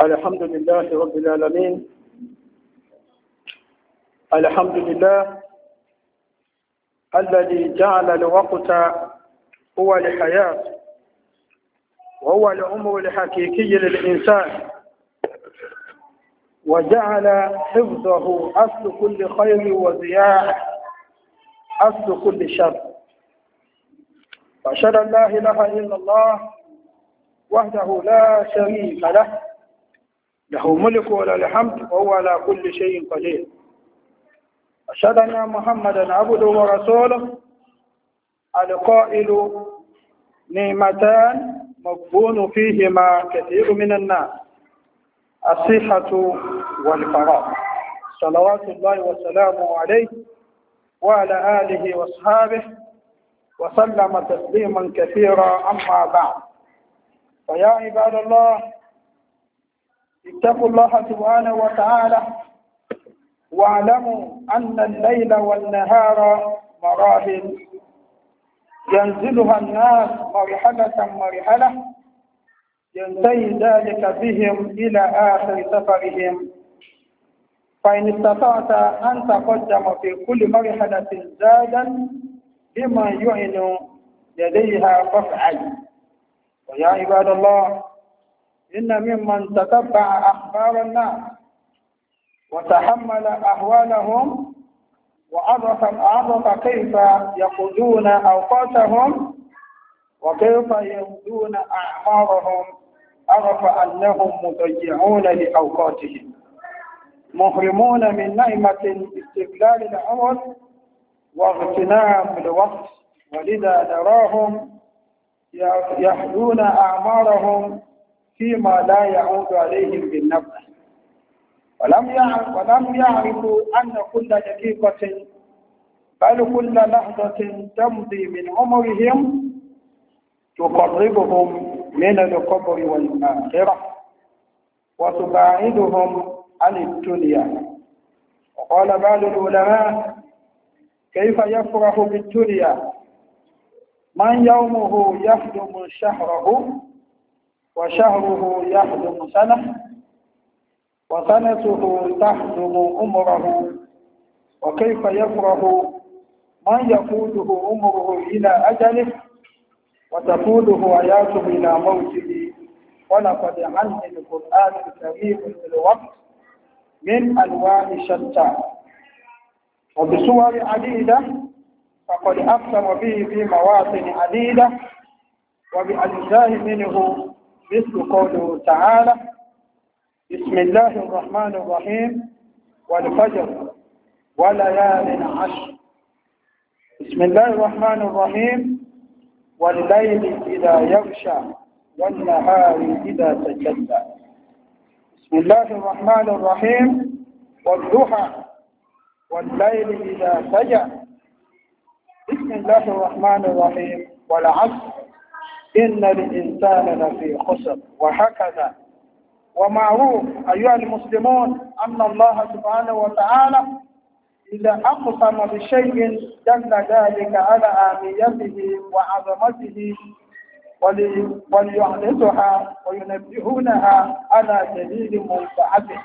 الحمد لله رب العالمين الحمد لله الذي جعل الوقت هو الحياة وهو العمر الحقيقي للإنسان وجعل حفظه أصل كل خير وزياء أصل كل شر وأشهد أن لا إله إلا الله وحده لا شريك له له ملك وله الحمد وهو على كل شيء قدير أشهد أن محمدا عبده ورسوله القائل نعمتان مكبون فيهما كثير من الناس الصحة والفراغ صلوات الله وسلامه عليه وعلى آله وأصحابه وسلم تسليما كثيرا أما بعد فيا عباد الله اتقوا الله سبحانه وتعالى واعلموا أن الليل والنهار مراحل ينزلها الناس مرحلة مرحلة ينتهي ذلك بهم إلى آخر سفرهم فإن استطعت أن تقدم في كل مرحلة زادا بما يعن لديها فافعل ويا عباد الله إن ممن تتبع أخبار الناس وتحمل أهوالهم وعرف عرف كيف يقضون أوقاتهم وكيف يمدون أعمارهم عرف أنهم مضيعون لأوقاتهم محرمون من نعمة استقلال العمر واغتنام الوقت ولذا نراهم يحلون أعمارهم فيما لا يعود عليهم بالنفع ولم يعرف ولم يعرفوا أن كل دقيقة بل كل لحظة تمضي من عمرهم تقربهم من القبر والآخرة وتباعدهم عن الدنيا وقال بعض العلماء كيف يفرح بالدنيا من يومه يخدم شهره وشهره يحجم سنة وسنته تحجم عمره وكيف يفرح من يقوده عمره إلى أجله وتقوده حياته إلى موته ولقد عني القرآن الكريم في الوقت من ألوان شتى وبصور عديدة فقد أقسم به في مواطن عديدة وبأجزاء منه مثل قوله تعالى بسم الله الرحمن الرحيم والفجر وليال عشر بسم الله الرحمن الرحيم والليل إذا يغشى والنهار إذا تجلى بسم الله الرحمن الرحيم والضحى والليل إذا سجى بسم الله الرحمن الرحيم والعصر إن الإنسان لفي خسر وهكذا ومعروف أيها المسلمون أن الله سبحانه وتعالى إذا أقسم بشيء دل ذلك على آميته وعظمته وليعرضها وينبهونها على جليل منفعته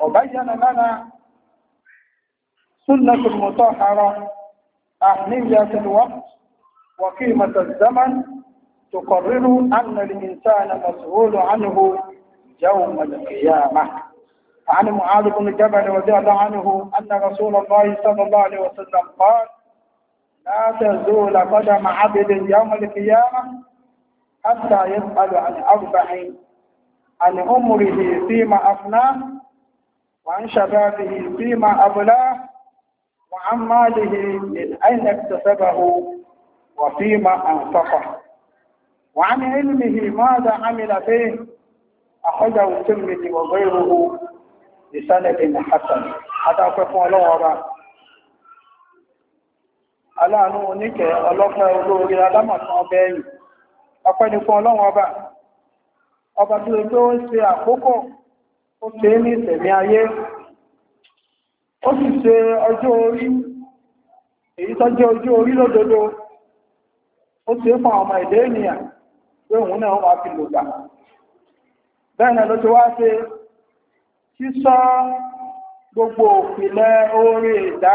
وبين لنا سنة المطهرة أهمية الوقت وقيمة الزمن تقرر أن الإنسان مسؤول عنه يوم القيامة عن معاذ بن جبل رضي الله عنه أن رسول الله صلى الله عليه وسلم قال لا تزول قدم عبد يوم القيامة حتى يسأل عن أربع عن عمره فيما أفناه وعن شبابه فيما أبلاه وعن ماله من أين اكتسبه وفيما أنفقه وعن علمه ماذا عمل فيه أخذه الترمذي وغيره بسند حسن هذا كفو الله أبا aláàánú Ada ọlọ́pẹ́ olóorí alámọ̀tán ọbẹ̀ ọba ọba tí ó ń ṣe ayé ó sì ṣe ọjọ́ orí èyí tọ́jọ́ ọjọ́ orí ó fún ọmọ ìdẹ́ ènìyàn pé òun náà wà fi lògbà bẹ́ẹ̀ ló ti wá ṣe gbogbo òpìlẹ̀ orí ìdá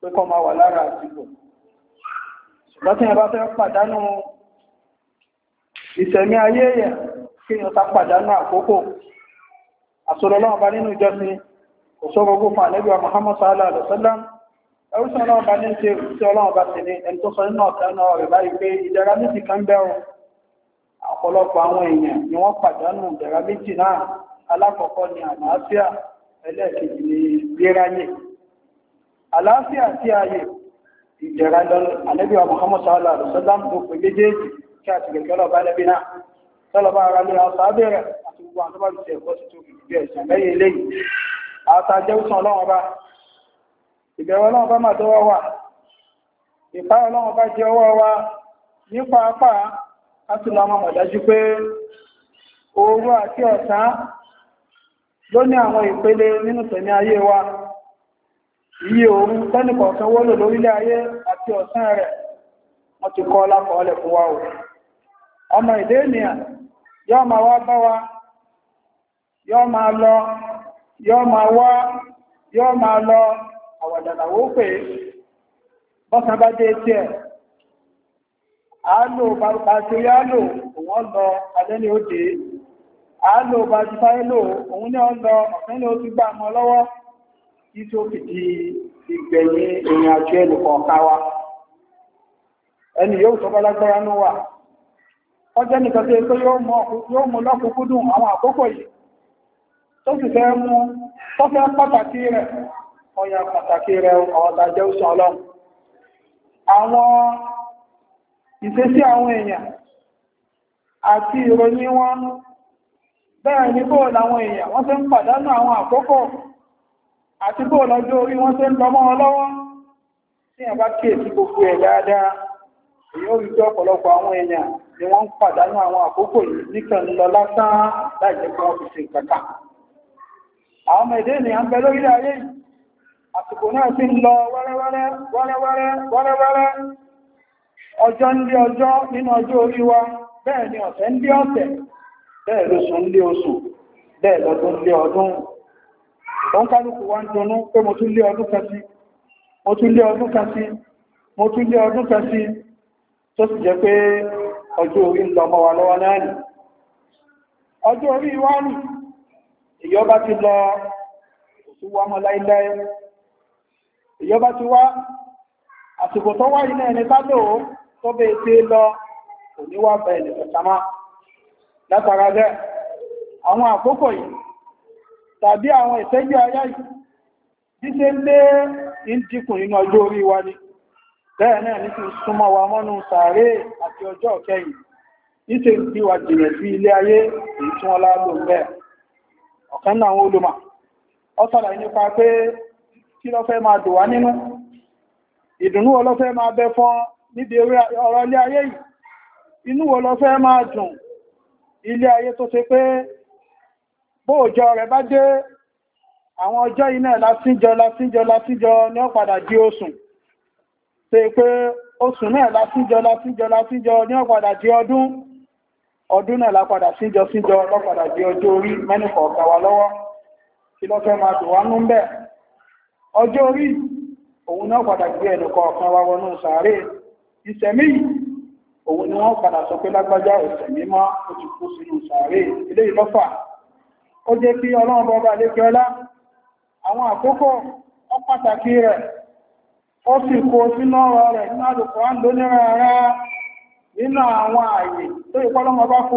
pé kọ́ wà lára àsìkò ṣùgbọ́n tí ẹ bá fẹ́ pàdánù ìṣẹ̀mí ayé yẹ̀ kí ni ó ta pàdánù àkókò àsọ̀rọ̀ bá nínú ìjọsìn ẹrúsọ ọlọ́run bá ní ṣe sí ọlọ́run bá ti ní ẹni tó sọ nínú ọ̀tẹ́ náà báyìí pé ìdára méjì kan bẹ̀rù ọ̀pọ̀lọpọ̀ àwọn èèyàn ni wọ́n pàdánù ìdára méjì náà alákọ̀ọ́kọ́ ni àlàáfíà ẹlẹ́ẹ̀kejì ni gbéráyè àlàáfíà sí ayé ìdẹ̀ra ànábì wa Muhammad sallallahu alaihi wasallam tó pè méjèèjì kí a ti lè kẹ́lọ̀ bá lẹ́bí náà tọ́lọ̀ bá ara lé ọ̀sà ìbẹ̀rẹ̀ ọlọ́run bá máa jẹ wa ti lọ pé àti ọ̀sán wa iye òun tẹ́nìkọ̀ ọ̀sán lórílẹ̀ ayé àti ọ̀sán rẹ̀ wọ́n ti kọ́ lápọ̀ọ́lẹ̀ wa o ọmọ ìdé ènìyàn wá bá wa ma lọ ma wá ma lọ àwàdàlàwó pé bọ́sán bá dé tí ẹ̀ àálò bá ti rí àálò òun lọ alẹ́ ni ó dé àálò bá ti fáyé lò òun ní ọ́n lọ ọ̀fẹ́ ni ó ti gbà mọ́ lọ́wọ́ tí tó fi di ìgbẹ̀yìn èèyàn àjọ ẹnìkọ̀ọ̀ká wa ẹni yóò sọ bọ́lágbára ní wà ọjọ́ nìkan tó pé yóò mú lọ́kùnkúndùn àwọn àkókò yìí tó sì fẹ́ mú tó fẹ́ pàtàkì rẹ̀ ọya pàtàkì rẹ̀ ọ̀ọ̀dà jẹ́ ọlọ́run àwọn ìṣesí àwọn èèyàn àti ìròyìn wọn bẹ́ẹ̀ ni bóò èèyàn wọ́n tẹ́ ń pàdánù àwọn àkókò àti bóò lọ́jọ́ orí wọ́n tẹ́ ń ọlọ́wọ́ àwọn èèyàn ni wọ́n àsìkò náà ti ń lọ wẹ́rẹ́wẹ́rẹ́ wẹ́rẹ́wẹ́rẹ́ wẹ́rẹ́wẹ́rẹ́ ọjọ́ ń lé ọjọ́ nínú ọjọ́ orí wa bẹ́ẹ̀ ni ọ̀sẹ̀ ń lé ọ̀sẹ̀ bẹ́ẹ̀ lóṣù ń lé oṣù bẹ́ẹ̀ lọ́dún lé ọdún òun kálùkù wá ń dunú pé mo tún lé ọdún kan mo tún lé ọdún kan tó sì jẹ́ pé ọjọ́ orí ń lọ mọ́ lọ́wọ́ náà nì ọjọ́ orí wá nì èyí ti lọ òṣùwọ́mọ́ láíláí ìjọba ti wá àsìkò tó wá iná ẹni tó bẹ lọ kò ní wá bẹ ẹni látara bẹ àwọn àkókò yìí tàbí àwọn ìtẹ́jú ayá yìí díṣe lé ń dínkù ọjọ́ orí wa ni bẹ́ẹ̀ náà ní súnmọ́ wa mọ́nú sàárè àti ọjọ́ níṣe bí wa jìnà sí ilé ayé èyí tí wọ́n lálò bẹ́ẹ̀ ọ̀kan náà olùmọ̀ nípa kí ló fẹ́ máa dùn wá nínú ìdùnnú wo ló fẹ́ máa bẹ fún níbi ọ̀rọ̀ ilé ayé yìí inú wo ló fẹ́ máa dùn ilé ayé tó ṣe pé bóòjọ rẹ̀ bá dé àwọn ọjọ́ iná lásíjọ lásíjọ lásíjọ ní ọ̀padà padà di osùn ṣe pé osùn náà lásíjọ lásíjọ lásíjọ ní ọ̀padà di ọdún ọdún náà lápadà síjọ síjọ lọ́padà di ọjọ́ orí mẹ́nìkọ̀ọ̀kan wa lọ́wọ́ kí ló fẹ́ máa dùn wá nú bẹ́ẹ̀ ọjọ́ orí òun náà padà gbé ẹnu kọ̀ọ̀kan wa wọnú sàárè ìsẹ̀mí òun ni wọ́n padà sọ pé lágbájá ìsẹ̀mí mọ́ kú sínú sàárè ilé ìlọ́fà ó jẹ́ kí ọlọ́run àwọn àkókò ọ pàtàkì rẹ̀ ó sì kó sínú ọ̀rọ̀ rẹ̀ nínú àdùkọ́ nínú àwọn àyè tó ìpọ́lọ́mọ bá kó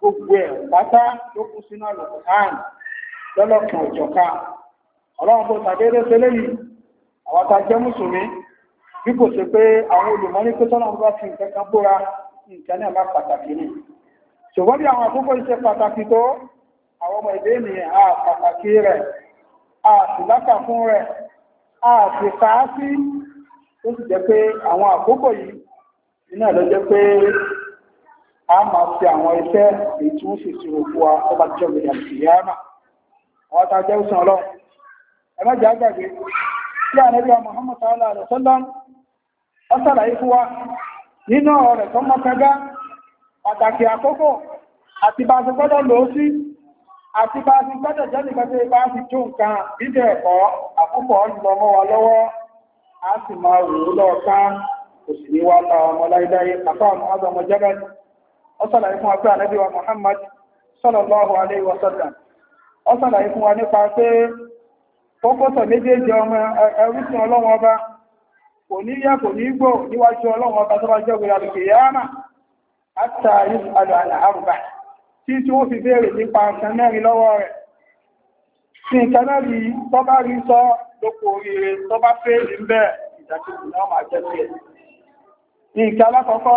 gbogbo ẹ̀ pátá ló kú sínú àlùkùnrin lọ́lọ́kan ìjọka ọlọ́run tó tàbílé tẹ́lẹ̀ yìí àwọn ta jẹ́ mùsùlùmí bí kò ṣe pé àwọn olùmọ́ní pé tọ́nà bá fi nǹkan kan bóra nǹkan náà má pàtàkì ni ṣùgbọ́n bí àwọn àkókò iṣẹ́ pàtàkì tó àwọn ọmọ ìdé ènìyàn a pàtàkì rẹ̀ a sì lákà fún rẹ̀ a sì ká sí tó sì jẹ́ pé àwọn àkókò yìí iná ló jẹ́ pé a máa fi àwọn iṣẹ́ èyí tí wọ́n sì ti rò fún wa tó jẹ́ òmìnira sí àwọn tá jẹ́ òsàn ọlọ́run ẹ má tí Muhammad sallallahu alaihi wasallam ó ṣàlàyé fún wa nínú ọ̀rọ̀ rẹ̀ tó mọ́kangá pàtàkì àkókò àti bá a ti gbọ́dọ̀ lò ó sí àti bá a ti gbọ́dọ̀ jẹ́ nìkan tí bá a ọmọ láíláí ọ̀sàlàyé fún wa pé ànábì wa Muhammad sallallahu alaihi wa ọsọla ọ̀sàlàyé fún wa nípa pé kókósọ̀ méjèèjì ọmọ ẹrúsìn ọlọ́wọ́n ọba kò ní yá kò ní gbò níwájú ọlọ́wọ́n ọba tó bá jẹ́ sọ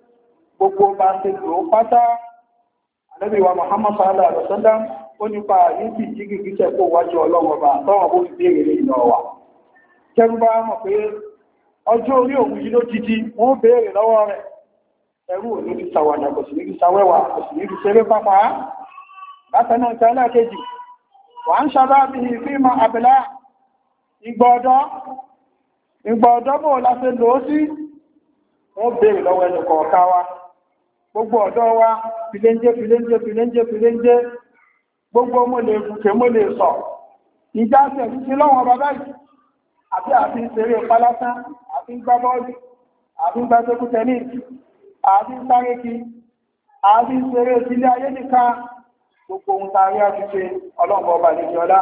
gbogbo bá ti lò pátá alẹ́bíwa Muhammad sallallahu alaihi wasallam ó nípa ìbí tí kìí kó wájú ọlọ́wọ́ bá tọ́wọ́ bó ti bèèrè ìlọ wa kẹrù bá mọ̀ pé ọjọ́ orí òun yìí ló jíjí wọ́n bèèrè lọ́wọ́ rẹ̀ òní ti sàwàdà kò sì kò sì ṣeré pápá náà alákejì wà ń ṣàbá bí i fi mọ àbẹ̀lá ìgbọ̀ọ̀dọ́ ìgbọ̀ọ̀dọ́ bò láti lò gbogbo ọ̀dọ́ wa filéńjé filéńjé filéńjé filéńjé gbogbo mọ́lẹ̀ kùkẹ́ mọ́lẹ̀ sọ ìjà sẹ̀rí sí lọ́wọ́n bàbá yìí àbí àfi ìṣeré pálásán àfi gbá bọ́ọ̀lù àfi gbá tẹ́kù tẹ́nìsì àfi sáré kí àfi ìṣeré sílé ayé nìkan gbogbo ohun tààrí àfiṣe ọlọ́pọ̀ ọba lè jọlá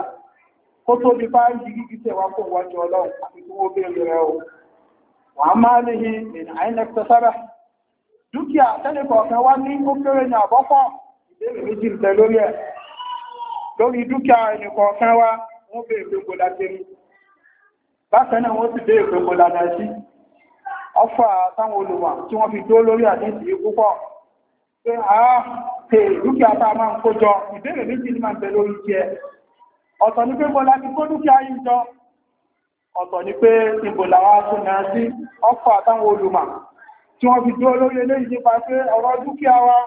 kó tó bí bá yìí gígí tẹ̀wá kó wájú ọlọ́run àti kí wọ́n bèèrè rẹ̀ o wọ́n á máa lè hin ìrìn àìnẹ́kẹ́sára dúkìá tẹ́lẹ̀kọ̀ ọ̀kan wá ní ó kéré ní àbọ́pọ̀ ìbéèrè méjì ń tẹ lórí ẹ̀ lórí dúkìá ẹnìkọ̀ ọ̀kan wá wọ́n bèèrè pé kò dájé rí bákan náà wọ́n sì bèèrè pé kò dájá sí ọfà táwọn olùwà tí wọ́n fi dó lórí àdéhìí púpọ̀ pé a pè dúkìá tá a máa ń kó ọ̀tọ̀ ni pé mo láti kó dúkìá yìí jọ ọ̀tọ̀ ni pé ibò làwọn atúnyà sí ọfà táwọn olùmọ̀ tí wọ́n fi dúró lórí eléyìí nípa pé ọ̀rọ̀ dúkìá wa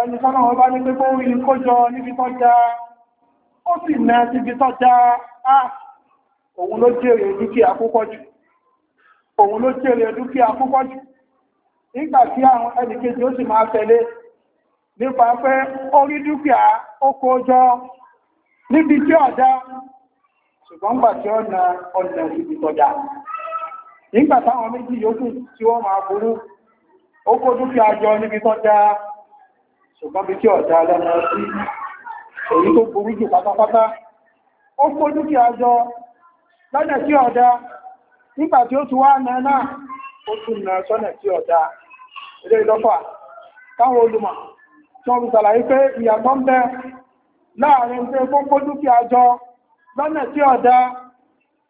ẹni sọ́nà ọba ní pé bóhùn ní kójọ níbi tọ́já ó sì nà síbi tọ́já á òun ló jèrè dúkìá púpọ̀ jù òun ló jèrè dúkìá púpọ̀ jù nígbà tí àwọn ẹnìkejì ó sì máa tẹ̀lé nípa pé ó rí dúkìá ó kójọ níbi tí ọ̀dá ṣùgbọ́n gbà tí ọ̀nà ọ̀nà síbi tọ́já nígbà táwọn méjì yókù tí wọ́n máa burú ó kó dúkì jọ níbi tó dá ṣùgbọ́n bí kí ọ̀dá lọ́nà sí èyí tó burú jù pátápátá ó kó dúkì jọ lọ́nà tí ọ̀dá nígbà ó tún wá náà ó tún nà sọ́nà tí ọ̀dá ilé ìdọ́fà olùmọ̀ tí wọ́n pé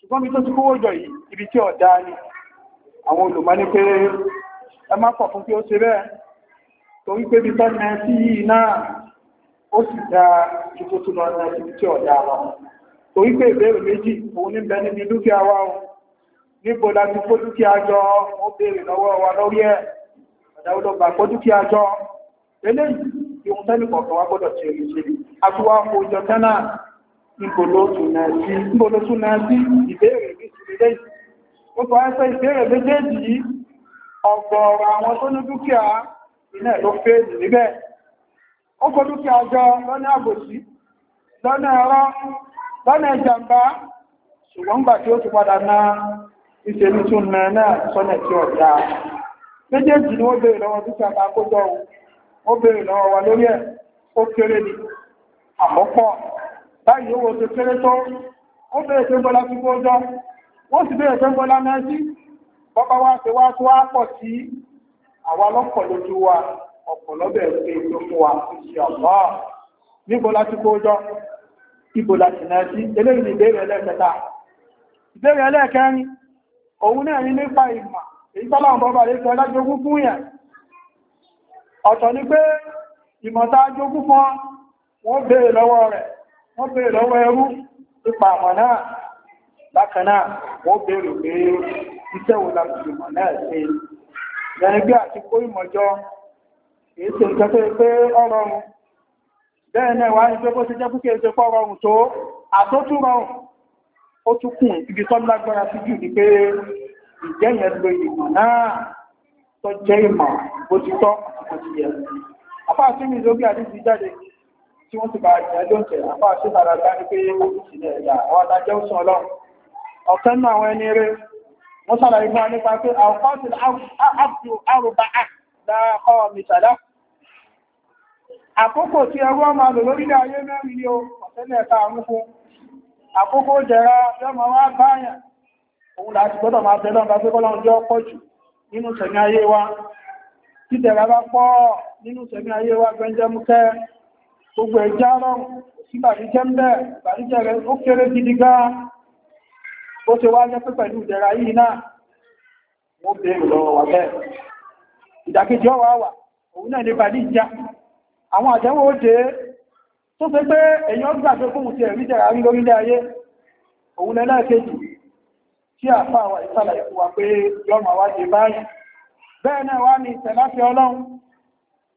ṣùgbọ́n mi tó ti kówó jọ yìí ibi tí ọ̀dá ni àwọn olùmọ́ ní pé ẹ má pọ̀ fún pé ó ṣe bẹ́ẹ̀ torí pé bí tọ́nà sí yìí náà ó sì dá ìtò tó lọ́nà ibi tí ọ̀dá wa torí pé ìbéèrè méjì òun ní bẹ níbi dúkìá wa o níbo la ti kó dúkìá jọ ó béèrè lọ́wọ́ wa lórí ẹ̀ ọ̀dá ó lọ gbà kó dúkìá jọ eléyìí ohun tẹ́lẹ̀ kọ̀ọ̀kan wa gbọ́dọ̀ ṣe èyí ṣe àti wá kó jọ tẹ́nà ìbòlótúnà sí ìbéèrè méjìlélẹ́ ó sọ ìbéèrè méjèèjì yìí ọ̀gọ̀ọ̀rọ̀ àwọn tó ní dúkìá iná ló fèèrè níbẹ̀ ó kó dúkìá jọ lọ́nà àbòsí lọ́nà ẹ̀rọ lọ́nà ìjàmbá ṣùgbọ́n gbà tí ó ti padà na ìṣèlú àkọ́kọ́ báyìí owó tó kéré tó ó bẹ̀rẹ̀ tó ń bọ́lá fún gbọ́jọ́ wọ́n sì bẹ̀rẹ̀ tó bọ́lá náà bọ́bá wá ṣe wá tó wá pọ̀ sí àwa lọ́pọ̀ wa ọ̀pọ̀ lọ́bẹ̀ pé tó fún wa ṣe ọ̀pọ̀ níbo láti gbọ́jọ́ ibo láti ni ìbéèrè ẹlẹ́ẹ̀kẹta ìbéèrè ẹlẹ́ẹ̀kẹrin òun náà ní nípa ìmọ̀ èyí tọ́láwọn bọ́bá lè sọ lájogún fún yẹn ọ̀tọ̀ ni pé ìmọ̀ta jogún fún wọn bèèrè lọ́wọ́ rẹ̀ wọ́n bèèrè lọ́wọ́ ẹrú nípa àmọ̀ náà bákan náà wọ́n bèèrè pé iṣẹ́ wo láti ìmọ̀ náà ṣe yẹni bí àti kó ìmọ̀jọ èyí ṣe nǹkan tó pé ọrọrùn bẹ́ẹ̀ náà wá ní pé bó ṣe jẹ́ púpọ̀ èso pọ̀ rọrùn tó àtótú rọrùn ó tún kùn ibi tó lágbára sí jù ní pé ìjẹ́ yẹn lo ìmọ̀ náà tó jẹ́ ìmọ̀ bó ti tọ́ àti bó ti yẹ apá àti mi lórí àdíjì jáde tí wọ́n ti bá ìdájọ́ tẹ̀ àpá sí tàrà láti pé àwọn adájọ́ ń àkókò tí ẹrú ọmọ lò lórílẹ̀ ayé mẹ́rin ni ó ọ̀tẹ́lẹ̀ ẹ̀ta àmúkún àkókò jẹra yọmọ wá báyàn òun láti gbọ́dọ̀ máa tẹ́lọ́ bá pé kọ́lọ́run jẹ́ ọpọ̀ jù nínú sẹ̀mí ayé wa gbogbo ẹjá rọrùn sí bàríjẹ́ ń bẹ́ẹ̀ bàríjẹ́ rẹ̀ ó kéré gidi gan ó ṣe wá jẹ́ pé pẹ̀lú ìdẹ̀ra yìí náà wọ́n bèèrè lọ́wọ́ wà bẹ́ẹ̀ ìdàkejì ọwà wà òun náà ní bàríjá àwọn àjẹ́wò ó dé tó ṣe pé èèyàn gbàgbé fóun ti ẹ̀rí jẹ̀rà rí lórílẹ̀ ayé òun lẹ́lẹ́kejì tí àfà wà ìsàlẹ̀ ìfúwà pé yọ́mọ̀ wá dé báyìí bẹ́ẹ̀ náà wá ní ìtẹ̀láfẹ́ ọlọ́run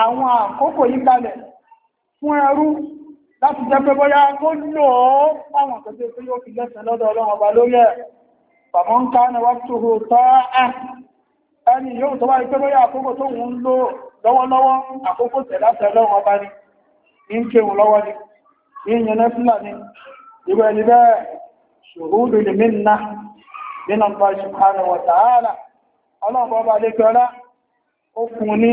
àwọn àkókò yí kalẹ̀ fún ẹrú láti jẹ́ pé bóyá kó lò ó fáwọn tẹ́tẹ́ tó yóò fi lẹ́sẹ̀ lọ́dọ̀ ọlọ́run ọba lórí ẹ̀ pàmọ́ ń ká ní wákùtù tọ́ á ẹni yóò tó wáyé pé bóyá àkókò tó ń lò lọ́wọ́lọ́wọ́ àkókò tẹ̀ láti ọlọ́run ọba ni ń kéwù lọ́wọ́ ni yíyan náà fúlàní ìwẹ̀ ni bẹ́ẹ̀ ṣòhúdù lè mí nà nínú ọba ṣùgbọ́n wọ̀tàálà ọlọ́run ọba lè kọ́lá ó fún ní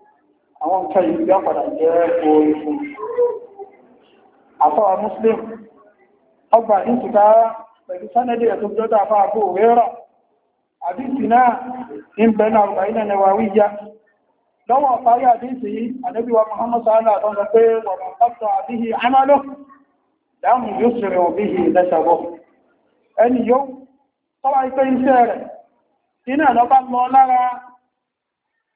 àwọn nǹkan yìí yọ padà jẹ́ orí fún àfọwà muslim ọgbà ní ṣùgbára pẹ̀lú sánẹ́dì ẹ̀ tó jọ́dá afá rẹ́rọ̀ àdísì náà ń bẹ̀ náà ilẹ̀ nẹwà wíyá lọ́wọ́ parí àdísì yìí ànábì wa muhammad sallallahu alaihi wasallam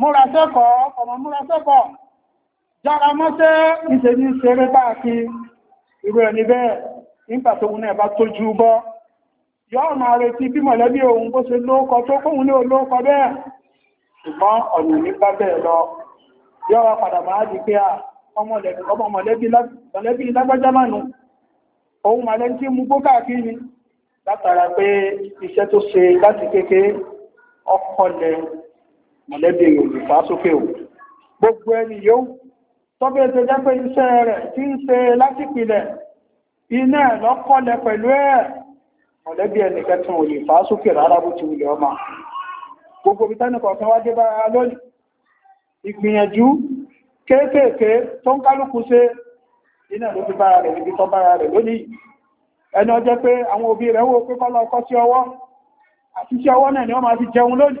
múra sẹ́kọ̀ọ́ ọmọ múra sẹ́kọ̀ọ́ jára mọ́sẹ́ ìṣẹ́ ní ṣeré báàkí irú ẹni bẹ́ẹ̀ nígbà tó wùn ẹ̀bá tó jú bọ́ yọ́ máa retí bí mọ̀lẹ́bí òun bó ṣe lóókọ tó kóhun ní olóókọ bẹ́ẹ̀ ṣùgbọ́n ọ̀nà ní bá bẹ́ẹ̀ lọ yọ́ra padà máa di pé ọmọ mọ̀lẹ́bí lágbájámánu òun mọ̀lẹ́bí tí mú gbókà kí látara pé iṣẹ́ tó ṣe láti kékeré ọkọlẹ̀ mọ̀lẹ́bí rẹ̀ olùfà sókè o gbogbo ẹni yóò tọ́bẹ̀ tó jẹ́ pé iṣẹ́ rẹ̀ tí ń ṣe látìpìlẹ̀ iná ẹ̀ lọ́kọ́lẹ̀ pẹ̀lú ẹ̀ mọ̀lẹ́bí ẹni kẹtùn òyì fà sókè rárá bó ti wulẹ̀ ọmọ gbogbo ibi tẹ́nì kọ̀ọ̀kan wá dé bára lónìí ìgbìyànjú kéékèèké tó ń kálukú ṣe iná ló fi bára rẹ̀ níbi tó bára rẹ̀ ni wọ́n máa lónìí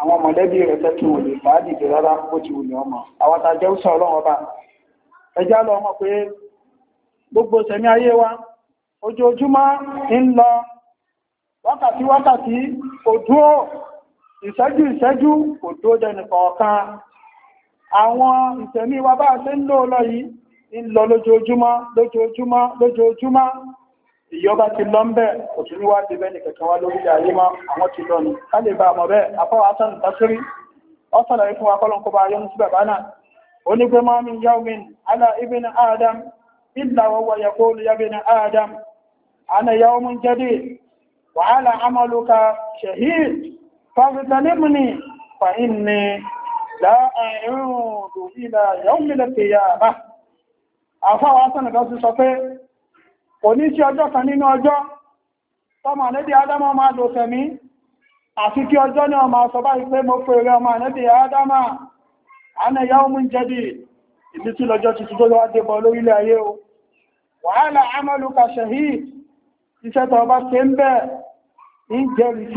àwọn mọ̀lẹ́bí rẹ̀ tẹ́tù wòlè fàádìdì rárá ó ti wùlẹ̀ ọmọ àwọn tàjẹ́ ó sọ ọlọ́run ọba ẹjá lọ mọ̀ pé gbogbo sẹ̀mí ayé wa ojoojúmọ́ ń lọ wákàtí wákàtí kò dúró ìṣẹ́jú ìṣẹ́jú kò tó dẹnìkọ̀ọ̀kan ìyọba ti lọ ń bẹ́ òtún ní wá ti bẹ́ nìkẹ̀kẹ́ wá lórí ayé má àwọn ti lọ ní kálẹ̀ bá mọ̀ bẹ́ẹ̀ afọ́wà sánù tásírí ọ́sànà ikú akọ́lọ̀ kó bá ayé mú sí bàbá náà ó ní pé máa min yawmin ala ibn adam illa wa huwa yaqulu ya ibn adam ana yawmun jadid wa ala amaluka shahid fagtanimni fa inni la kò ní sí ọjọ́ kan nínú ọjọ́ tọ́mọ ànẹ́bí Ádámà máa lò tẹ̀mí àti kí ọjọ́ ní ọmọ ọ̀sọ̀ báyìí pé mo pèrè ọmọ ànẹ́bí Ádámà àánà ìyàwó mú jẹ́bì ìlú tí lọ́jọ́ tuntun tó lọ́wọ́ débọ̀ lórílẹ̀ ayé o wàhálà amaluka shahid iṣẹ́ tó bá ṣe ń bẹ̀ ń jẹ́rìí sí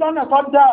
lọ́nà tó dáa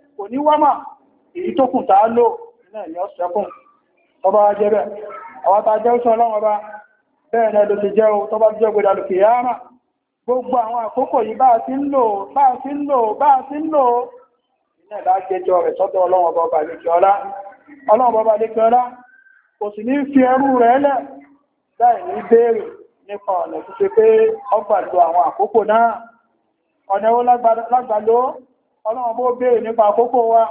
kò ní wámà èyí tó kùn tàá lò náà ni ọ̀sẹ̀kùn tọba jẹ́ bẹ́ àwọn tàà jẹ́ òṣìṣẹ́ ọlọ́run ọba bẹ́ẹ̀ náà ló ti jẹ́ o tọba jẹ́ gbẹ̀dà lòkè yára gbogbo àwọn àkókò yìí bá ti ń lò bá ti ń lò bá ti ń lò iná ìdájẹjọ rẹ̀ sọ́dọ̀ ọlọ́run ọba àlekẹ́ọlá ọlọ́run ọba àlekẹ́ọlá kò sì ní fi nípa ọ̀nà tó ṣe pé ọgbàdo àwọn àkókò náà ọ̀nà ó lágbàdo ọlọ́run bó béèrè nípa àkókò wa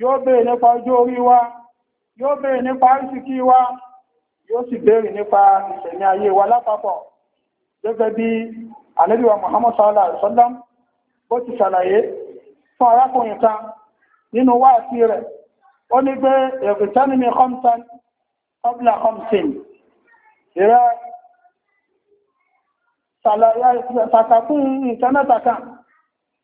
yóò béèrè nípa ọjọ́ orí wa yóò béèrè nípa àrísìkí wa yóò sì béèrè nípa ìṣẹ̀mí ayé wa lápapọ̀ gẹ́gẹ́ bí alẹ́bíwa Muhammad sallallahu alaihi wasallam bó ti ṣàlàyé fún arákùnrin kan nínú wáàsí rẹ̀ ó ní pé ẹ̀rùtánimi khamsan qabla khamsin ìrẹ́ sàkàkùn nǹkan kan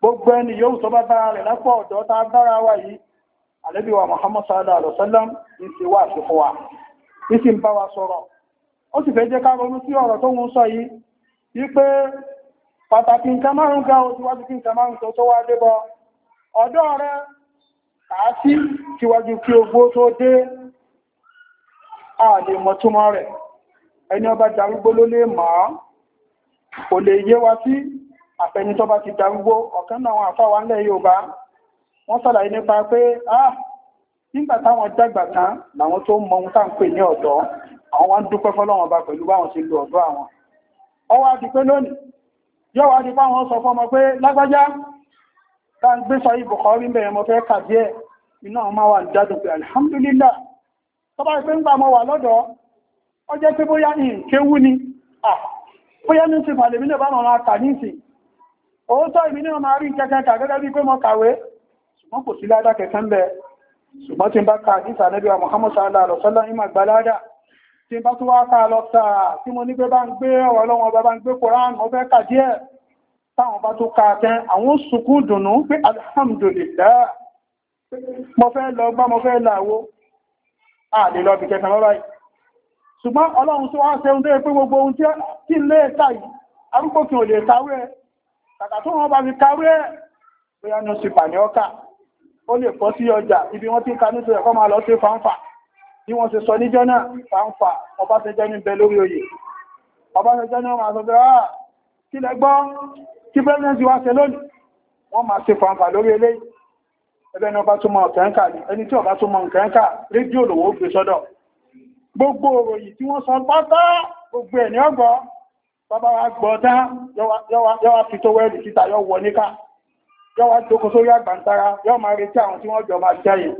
gbogbo ẹni yóò tó bá dára rẹ̀ lápọ̀ ọ̀dọ́ ta bára wà yìí Ànábì wa Muhammad sallallahu alaihi wasallam ń ti wà sí fún wa ń sì ń bá wa sọ̀rọ̀ ó sì fẹ́ jẹ́ ká ronú sí ọ̀rọ̀ tó ń sọ yìí wípé pàtàkì nǹkan márùn kí nǹkan márùn tó wá ọ̀dọ́ rẹ̀ kàásí síwájú kí àfẹni tó bá ti darúgbó ọ̀kan náà wọn àfáwà ńlẹ̀ Yorùbá wọ́n sàlàyé nípa pé ah nígbà táwọn dàgbà tán làwọn tó mọ ohun tá ń pè ní ọ̀dọ́ àwọn wá ń dúpẹ́ fọ́lọ́wọ́n bá pẹ̀lú báwọn ti lo ọ̀dọ́ àwọn ọwọ́ àti pé lónìí yọ́wọ́ àti báwọn sọ fọ́mọ pé lágbájá tá ń gbé sọ Bukhari mẹ́rin mo fẹ́ kà díẹ̀ iná ọmọ wà jádùn pé alhamdulillah tó bá pé ń gbà mọ́ wà lọ́dọ̀ ọ jẹ́ pé bóyá ní kéwú ni ah bóyá ní ti fàlèmí lè bá wọn ra kà òótọ́ ìmì náà máa rí kẹkẹta gẹ́gẹ́ bí pé mọ́ kàwé ṣùgbọ́n kò sí ládá kẹkẹ́ ń bẹ ṣùgbọ́n tí ń bá ka àdísà nẹ́bí wa Muhammad sallallahu alaihi wasallam ìmọ̀ àgbàládà tí ń bá tó wá ká lọ sáà tí mo ní pé bá ń gbé koran mo fẹ́ kà díẹ̀ táwọn bá tó ka tẹ́ àwọn alhamdulillah mo fẹ́ lọ gbá mo fẹ́ làwó àlè lọ bí kẹta mọ́ báyìí ṣùgbọ́n ọlọ́run tó wá ṣe ohun tó yẹ pé gbogbo ohun tí ń lé ò lè kàwé kàkà tó wọ́n bá fi kárú ẹ̀ bóyá ní oṣù pàní ọkà ó lè pọ́ sí ọjà ibi wọ́n ti ń ka nítorí ẹ̀kọ́ máa lọ sí fàǹfà bí wọ́n ṣe sọ níjọ́ náà fàǹfà Ọbásanjọ́ ní bẹ lórí oyè Ọbásanjọ́ náà máa sọ pé ah kí lẹ gbọ́ kí pẹ́sidẹ́ntì wá ṣe lónìí wọ́n máa ṣe fàǹfà lórí eléyìí ẹgbẹ́ ní ọba tó mọ nǹkan kà ní ẹni tí ọba tó mọ nǹkan kà rédíò lòwó gbé sọ́dọ̀ gbogbo òròyìn tí wọ́n sọ pátá bàbá wa gbọ́dá yọ́wà fi tó wẹ́rù síta yọ́ wọ níká yọ́wà tókò sórí àgbàntara yọ́ máa retí àwọn tí wọ́n jọ máa jẹ́ yìí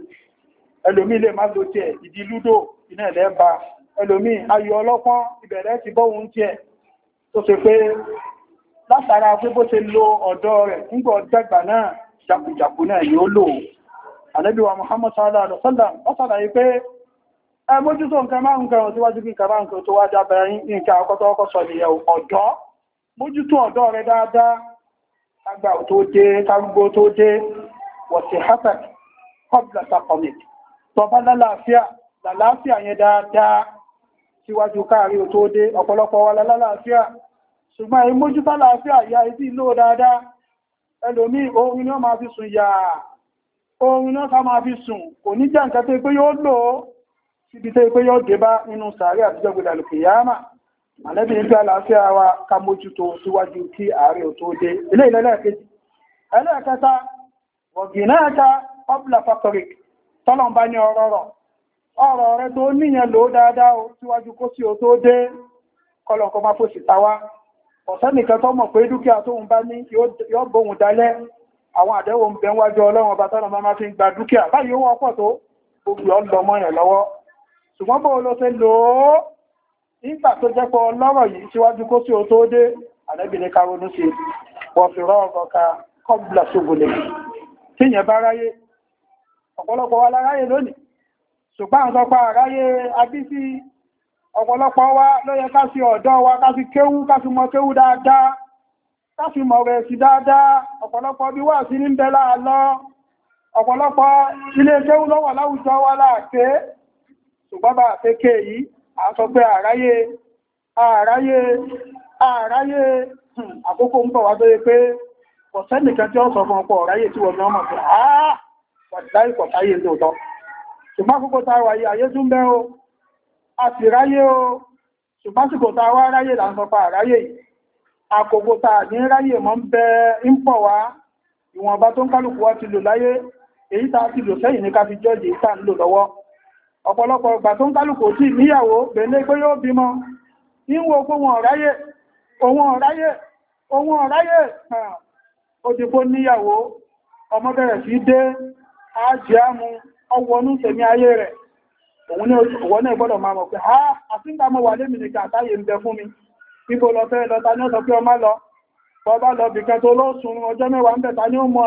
ẹlòmí lè má lo tiẹ̀ ìdí lúdò iná ẹ̀lẹ́ ba ẹlòmí ayò ọlọ́pọ́n ìbẹ̀rẹ̀ ti bọ́hun tiẹ̀ lo ọ̀dọ́ rẹ̀ nígbà ọ̀dẹ́gbà náà jàkùjàkù náà Muhammad sallallahu alaihi wasallam ó ẹmójútó nǹkan márùn kẹrùn síwájú bí kàbá nǹkan tó wá jábẹ̀ nǹkan àkọ́tọ́ ọkọ́ sọ nìyẹn ọ̀dọ́ mójútó ọ̀dọ́ rẹ dáadáa kágbà tó dé tó dé wọ̀sí kọ́bùlà sàkọ̀mì tọba lálàáfíà yẹn dáadáa síwájú káàrí tó dé ọ̀pọ̀lọpọ̀ lálàáfíà ṣùgbọ́n mójútó lálàáfíà ya ibi dáadáa orin máa fi sùn yà orin fi sùn kò ní jẹ́ nǹkan síbi tó ipé yóò dé bá nínú sàárẹ̀ àtijọ́ gbogbo àlùkè yáàmà àlẹ́bí nígbà àlàáfíà wa ká mójútó síwájú kí ààrẹ ò tó dé ilé ìlẹ́lẹ́kejì ẹlẹ́ẹ̀kẹta ọ̀gìnáàta ọ́bùlà fàtọ̀rì tọ́lọ̀n ní ọ̀rọ̀ ọ̀rọ̀ rẹ tó níyàn dáadáa o síwájú kó sí tó dé ọ̀sẹ́nìkan tó mọ̀ pé dúkìá bá ní yóò àwọn àdẹ́wò ń ọba máa fi ń gba dúkìá báyìí tó gbogbo ṣùgbọ́n bó ló ṣe lò ó nígbà tó jẹ́ pọ̀ lọ́rọ̀ yìí síwájú kó sí o tó dé àlẹ́bìnrin karonú sí wọ́n fi rọ́ ọ̀rọ̀ ka kọ́bùlà ṣògbòlẹ̀ tí yẹn bá ráyé ọ̀pọ̀lọpọ̀ wa láráyé lónìí ṣùgbọ́n àwọn ọ̀pá àráyé abísí ọ̀pọ̀lọpọ̀ wa ló yẹ ká sí ṣùgbọ́n bá àfẹ́kẹ́ yìí a sọ pé àráyé àráyé àráyé hmm, àkókò ń bọ̀ wá tó yẹ pé ọ̀sẹ́nìkan tí ó sọ fún ọpọ̀ ọ̀ráyé tí wọ́n náà mọ̀ sí àá a wà yìí ayé tún bẹ́ o a sì ráyé o a wá ráyé là ń sọ pa àráyé yìí àkókò tá a ní ráyé mọ́ ń bẹ ń pọ̀ wá ìwọ̀nba tó ń kálukú wa ti lò láyé èyí tá a ti lò sẹ́yìn ní ká fi jọ́ọ̀jì tá ń lò lọ́wọ́ ọ̀pọ̀lọpọ̀ ọgbà tó ń kálùkò tí níyàwó bẹ̀lẹ́ pé yóò bímọ níwò pé wọn ọ̀ráyè ohun ọ̀ráyè ohun ọ̀ráyè òdìbò níyàwó ọmọ bẹ̀rẹ̀ sí dé ájíámú ọwọ́nú tẹ̀mí ayé rẹ̀ òun náà gbọ́dọ̀ máa mọ̀ pé ha àfíńkà mọ́ wà lémi nìkan àtàyè ń bẹ fún mi ibo lọ fẹ́ lọ ta ní ọ̀sọ̀ pé ọmọ lọ bọ́ bá lọ bìkan tó lóòsùn ọjọ́ mẹ́wàá ń bẹ̀ ta ní ó mọ́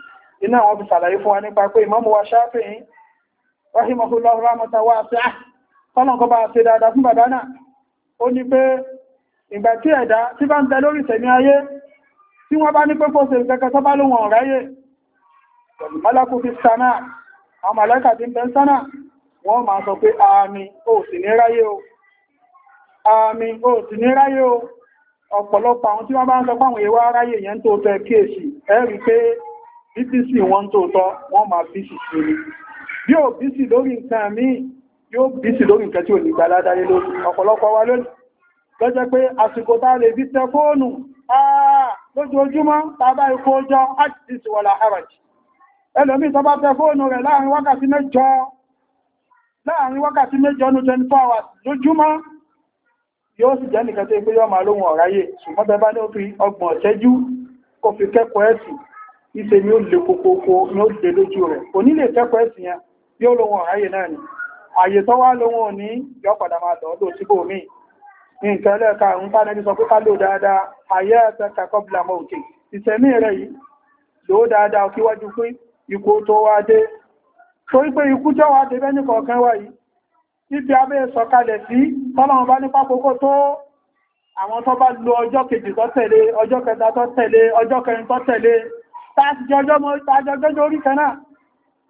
iná àwọn fi sàlàyé fún wa nípa pé ìmámù wa Ṣáfi'í rahimahullah rahmata wa àti à kọ́nà kọ́ bá ṣe dáadáa fún bàbá náà ó ní pé ìgbà tí ẹ̀dá tí bá ń bẹ lórí ìṣẹ̀mí ayé tí wọ́n bá ní pé fọ́sẹ̀ ìkẹ́kẹ́ tó bá lóhun ọ̀ráyè o àmì ò sì ní ráyé o ọ̀pọ̀lọpọ̀ àwọn bíbísì wọ́n tó tọ́ wọ́n máa bísì sórí bí ò bísì lórí nǹkan míì yóò bísì lórí nǹkan tí ò ní gbaládáyé lórí ọ̀pọ̀lọpọ̀ wa lónìí lọ́jẹ́ pé àsìkò tá lè bí tẹ fóònù ah, lójoojúmọ́ tàbá ikú ọjọ́ àtìsí wọ̀lá haraj ẹlòmí tó bá tẹ fóònù rẹ̀ láàrin wákàtí mẹ́jọ láàrin wákàtí mẹ́jọ ní 24 hours lójúmọ́ yóò sì jẹ́ nìkan tó ikú yọ́ máa lóhun ọ̀ráyè ṣùgbọ́n bẹ bá ní ó fi ọgbọ̀n ọ̀ṣẹ́jú kò fi kẹ́kọ̀ọ́ ẹ̀sìn ìṣe ni ó lè kókókó ní ó lè lójú rẹ̀ òní lè tẹ́kọ̀ ẹ̀sìn yẹn yóò lóhun àráyè náà ni àyè tó wá lóhun òní yọ padà máa lọ lò síbò mí nǹkan ẹlẹ́ẹ̀ka ń bá nẹni sọ pé ká lò dáadáa ayé ẹ̀sẹ̀ kakọ́ blamọ́ òkè ìṣẹ̀mí rẹ̀ yìí lò dáadáa kíwájú pé ikú tó wá dé torí pé ikú jọ wá àwọn tó bá lo ọjọ́ kejì tó tẹ̀lé ọjọ́ kẹta tó tẹ̀lé ọjọ́ kẹrin tó tẹ̀lé tàjọjọ́ mọ́ tàjọjọ́ orí kan náà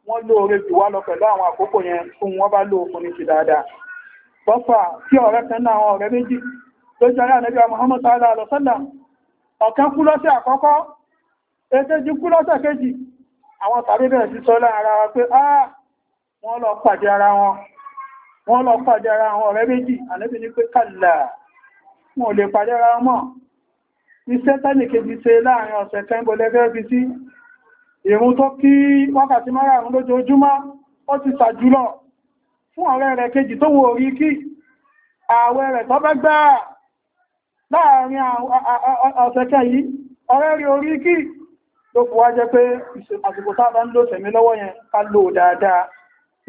wọ́n ló oore jù wá lọ pẹ̀lú àwọn àkókò yẹn fún wọ́n bá ló fún ní ti dáadáa bọ́fà tí ọ̀rẹ́ kan náà àwọn ọ̀rẹ́ méjì tó jọra Muhammad sallallahu alaihi wasallam ọ̀kan kú lọ́sẹ̀ àkọ́kọ́ èkejì kú lọ́sẹ̀ kejì àwọn tàbí bẹ̀rẹ̀ sí sọ lára wa pé ah wọ́n lọ pàdé ara wọn wọ́n lọ pàdé ara àwọn ọ̀rẹ́ méjì ànẹ́bí ní pé kàlà wọn lè pàdé ara wọn mọ́ iṣẹ́ tẹ́nìkejì ṣe láàrin ọ̀sẹ̀ kẹ́ńbọ̀ lẹ́gẹ́ bí sí ìrun tó kí wákàtí márùn-ún lójoojúmọ́ ó ti sàjúlọ fún ọ̀rẹ́ rẹ̀ kejì tó wò orí kí ààwẹ̀ rẹ̀ tó bẹ́ gbá láàrin ọ̀sẹ̀ kẹ́yí ọ̀rẹ́ rí orí kí ló fi wá jẹ́ pé àsìkò tábà ń lò tẹ̀mí lọ́wọ́ yẹn ká lò dáadáa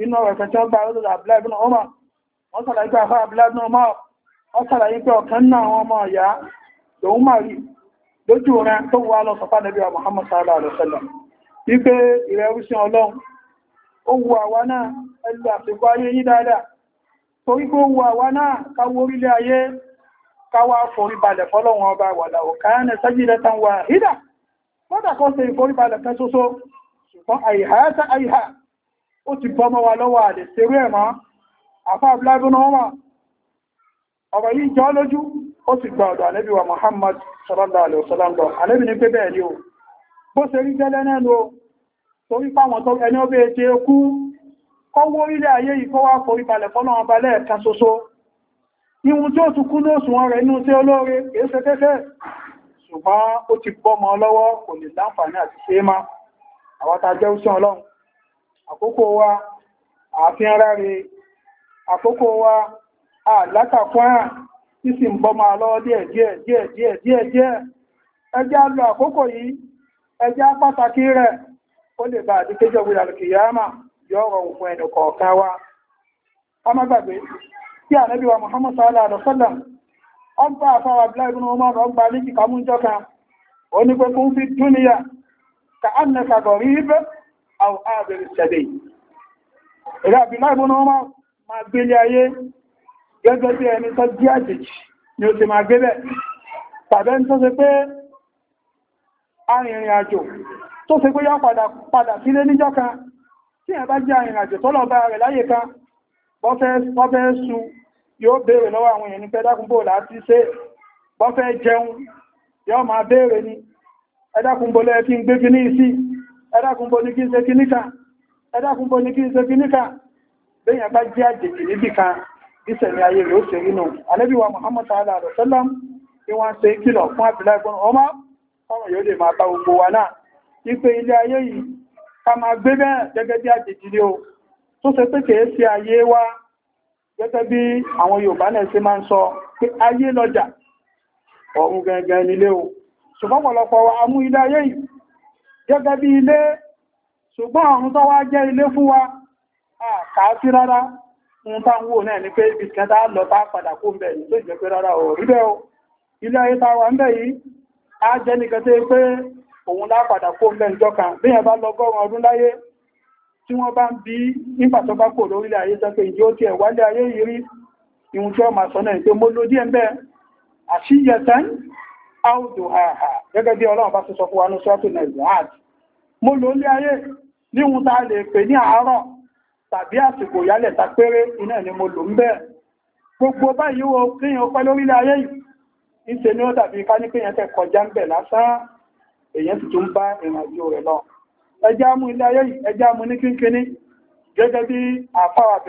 inú ọ̀rẹ́ kan tí wọ́n gbá ọdún àbúlá ìbínú ọmọ wọ́n sàlàyé pé àfá àbúlá ìbínú ọmọ wọ́n sàlàyé pé ọ̀kan náà àwọn ọmọ ọ̀yá lòun máa rí lójú rán tó wà lọ sọpá nẹ́bí Muhammad sallallahu alaihi wasallam wípé ìrẹ̀rúsí ọlọ́run ó wu àwa náà ẹlú àfikọ́ ayé yí dáadáa torí pé ó wu náà káwọ orílẹ̀ ayé káwà foríbalẹ̀ fọ́lọ́run ọba ó sì gba ọ̀dọ̀ ànábì wa Muhammad sallallahu alaihi wasallam ànábì ní pé bẹ́ẹ̀ ni o bó ṣe rí gẹ́lẹ́ náà lọ torí páwọn tó ẹni ó bẹ́ẹ̀ ṣe kú kọwọ́ orílẹ̀ ayé yìí kọwọ́ àforíbalẹ̀ fọ́lọ́wọ́n balẹ̀ ẹ̀ka ṣoṣo ihun tí ó tún kú lóòsùn rẹ̀ inú tí olóore kìí ṣe kẹ́kẹ́ ṣùgbọ́n ó ti bọ́mọ lọ́wọ́ kò ní láǹfààní àti ṣe má àwọ́ta jẹ́ òṣìṣẹ́ ọlọ́run àkókò wa ààfin ara rẹ̀ àkókò wa àlákàkún àrùn isi ń bọ́ máa lọ́wọ́ díẹ̀ díẹ̀ díẹ̀ díẹ̀ díẹ̀ díẹ̀ àkókò yìí ẹjá pàtàkì rẹ̀ ó lè bá àti kéjọ Muhammad ìrẹ́ ọmọ ma gbélé ayé gẹ́gẹ́ bí ẹni tó jí àjèjì ni ó ti máa gbé bẹ̀ tàbẹ́ tó ṣe pé arìnrìn àjò tó ṣe pé yá padà sílé níjọ́ kan tí ẹ bá jẹ́ arìnrìn àjò tó lọ bá rẹ̀ láyé kan bọ́fẹ́ su yóò béèrè lọ́wọ́ àwọn èèyàn ní pẹ́dákúnbò láti ṣe bọ́fẹ́ jẹun yóò máa béèrè ni ẹdákúnbò lẹ́ fi ń gbé kíní sí ẹdákúnbò ní kí ń ṣe kíníkà ẹdákúnbò ní kí ń ṣe kíníkà béèyàn bá jẹ́ àjèjì níbì ìsẹ̀mí ayé rẹ̀ ó ṣe rínú alẹ́bíwa Muhammad sallallahu ni wọ́n ṣe kìlọ̀ fún Abdullahi ibn Umar ọmọ yóò lè máa bá gbogbo wa náà ipe ilé ayé yìí ká máa gbé bẹ́ẹ̀ gẹ́gẹ́ bí àjèjì ni o tó ṣe pé kìí ṣe ayé wa gẹ́gẹ́ bí àwọn Yorùbá náà ṣe máa ń sọ pé ayé lọ́jà ọ̀run gangan nílé o ṣùgbọ́n pọ̀lọpọ̀ wa a mú ilé ayé yìí gẹ́gẹ́ bí ilé ṣùgbọ́n ọ̀run tó wá jẹ́ ilé fún wa àkàásí rárá ohun tá ń wò náà ni pé ibi kan lọ tá padà kó ń bẹ̀ tó jẹ́ pé rárá ò rí bẹ́ẹ̀ o ilé ayé tá wà ń bẹ̀ yìí á jẹ́ nìkan tó pé òun lá padà kó ń bẹ̀ ìjọ kan bí yẹn bá lọ gọ́rùn ọdún láyé tí wọ́n bá ń bí nígbà tó bá kò lórílẹ̀ ayé sọ pé ìjọ tiẹ̀ wálé ayé yìí rí ìhun tí ọmọ sọ náà pé mo lo díẹ̀ bẹ́ẹ̀ àṣìyẹtàn áùdò àhà gẹ́gẹ́ bí ọlọ́run bá sọ fún wa ní sọ́tò nàìjíríà mo lo ilé ayé níhun tá a lè pè ní àárọ̀ tàbí àsìkò yálẹ̀ ta iná ni mo lò ń bẹ́ẹ̀ gbogbo báyìí wo kíyàn pẹ́ lórílẹ̀ ayé yìí ìṣe ni ó dàbí ká ní kíyàn tẹ kọjá ń bẹ̀ lásán èyàn ti tún bá ìrìnàjò rẹ̀ lọ ẹjá mú ilé ayé yìí ẹjá mú ní kínkíní gẹ́gẹ́ bí àfáwà bí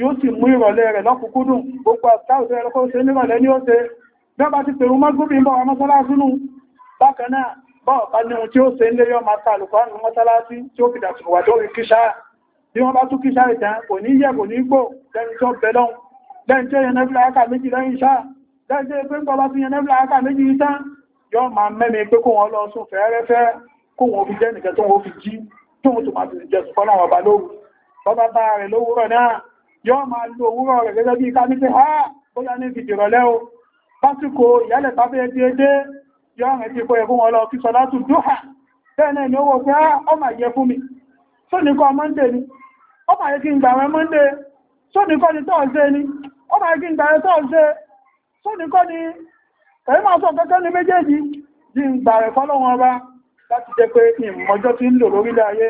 yóò sì mú ìrọ̀lẹ́ rẹ̀ lọ́kùnkúndùn gbogbo àtàrùsẹ́ ẹ̀rọ́kọ́ ṣe nírọ̀lẹ́ ní ó ṣe bẹ́bá ti pèrú mọ́gbùnrin bọ́ ọmọ́sálásí nù bákanáà bọ́ ọ̀pá ní ohun tí ó ṣe ń léyọ́ máa ta àlùkọ́ àrùn mọ́sálásí tí ó fìdà sùn wà lórí kíṣà bí wọ́n bá tún kíṣà ìtàn kò ní yẹ̀ kò ní gbò lẹ́ni tó bẹ lọ́hun lẹ́ni tó yẹn nẹ́fìlà áká méjì yọ́ máa lo òwúrọ̀ rẹ̀ gẹ́gẹ́ bí ká ní pé ha bóyá ní ti dìrọ̀lẹ́ o lásìkò ìyálẹ̀ tàbí déédé yọ́ rẹ̀ ti pẹ́ fún wọn lọ fi sọlá tù dúhà bẹ́ẹ̀ ni owó pé ọmọ yẹ fún mi sónìkọ́ mọ́ndé ni ọmọ yẹ kí n gbà rẹ mọ́ndé sónìkọ́ ni tọ́ọ̀sẹ́ ni ọmọ yẹ kí n gbà rẹ tọ́ọ̀sẹ́ sónìkọ́ ni ẹ̀rí máa sọ kẹ́kẹ́ ní méjèèjì jí ń gbà rẹ̀ fọ́lọ́wọ́n ọba láti jẹ́ pé ìmọ̀jọ́ ti ń lò lórílẹ̀ ayé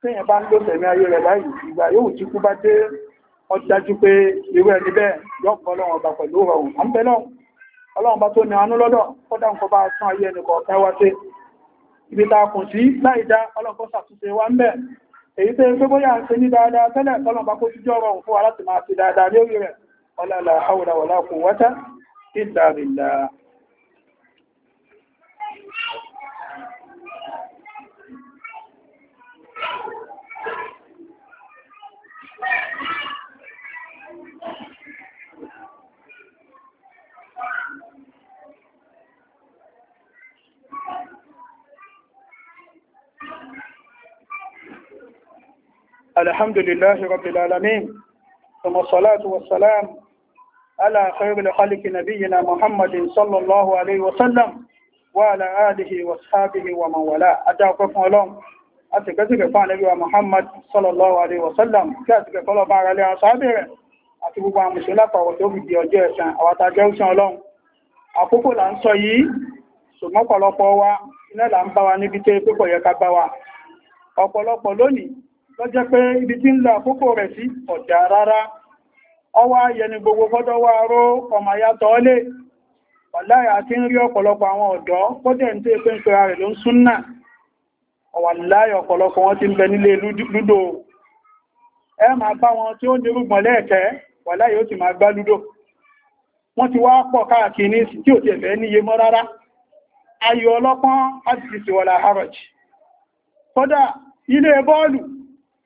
tí èèyàn bá ń lò tẹ̀mí ayé rẹ̀ báyìí ìgbà yóò ti kú bá dé ọjájú pé irú ẹni bẹ́ẹ̀ yọ́pọ̀ ọlọ́run ọba pẹ̀lú ọrùn à ń bẹ náà ọlọ́run bá tó ní anú lọ́dọ̀ kọ́dá ń kọ bá tún ayé ẹni kọ̀ọ̀kan wá sí ibi ta kùn sí láìdá ọlọ́run kó ṣàtúnṣe wá ń bẹ̀ èyí tó ń pé bóyá ń ṣe ní dáadáa tẹ́lẹ̀ tọ́lọ́run bá kó síjọ́ rọrùn fún wa láti máa ṣe الحمد لله رب العالمين ثم الصلاة والسلام على خير الخلق نبينا محمد صلى الله عليه وسلم وعلى آله وصحابه ومن والاه أتعقف لهم أتكتك فعن نبي محمد صلى الله عليه وسلم كاتك فلو بعد عليه أصحابه أتبقى بقى مسلمة وتوفي دي أجيسا وأتعجل سن لهم àkókò là ń sọ yìí ṣùgbọ́n ọ̀pọ̀lọpọ̀ wa iná là ń bá wa níbi tẹ́ pé kò yẹ ká bá wa ọ̀pọ̀lọpọ̀ lónìí tó jẹ́ pé ibi tí ń lọ àkókò rẹ̀ sí ọ̀dà rárá ọwá yẹni gbogbo fọ́dọ́ wá ró ọmọ ya tọ́ọ́lé wàláyà rí ọ̀pọ̀lọpọ̀ àwọn ọ̀dọ́ ló ń súnnà ọ̀pọ̀lọpọ̀ ó ti máa gbá wọ́n ti wá pọ̀ káàkiri tí ò mọ́ rárá ayò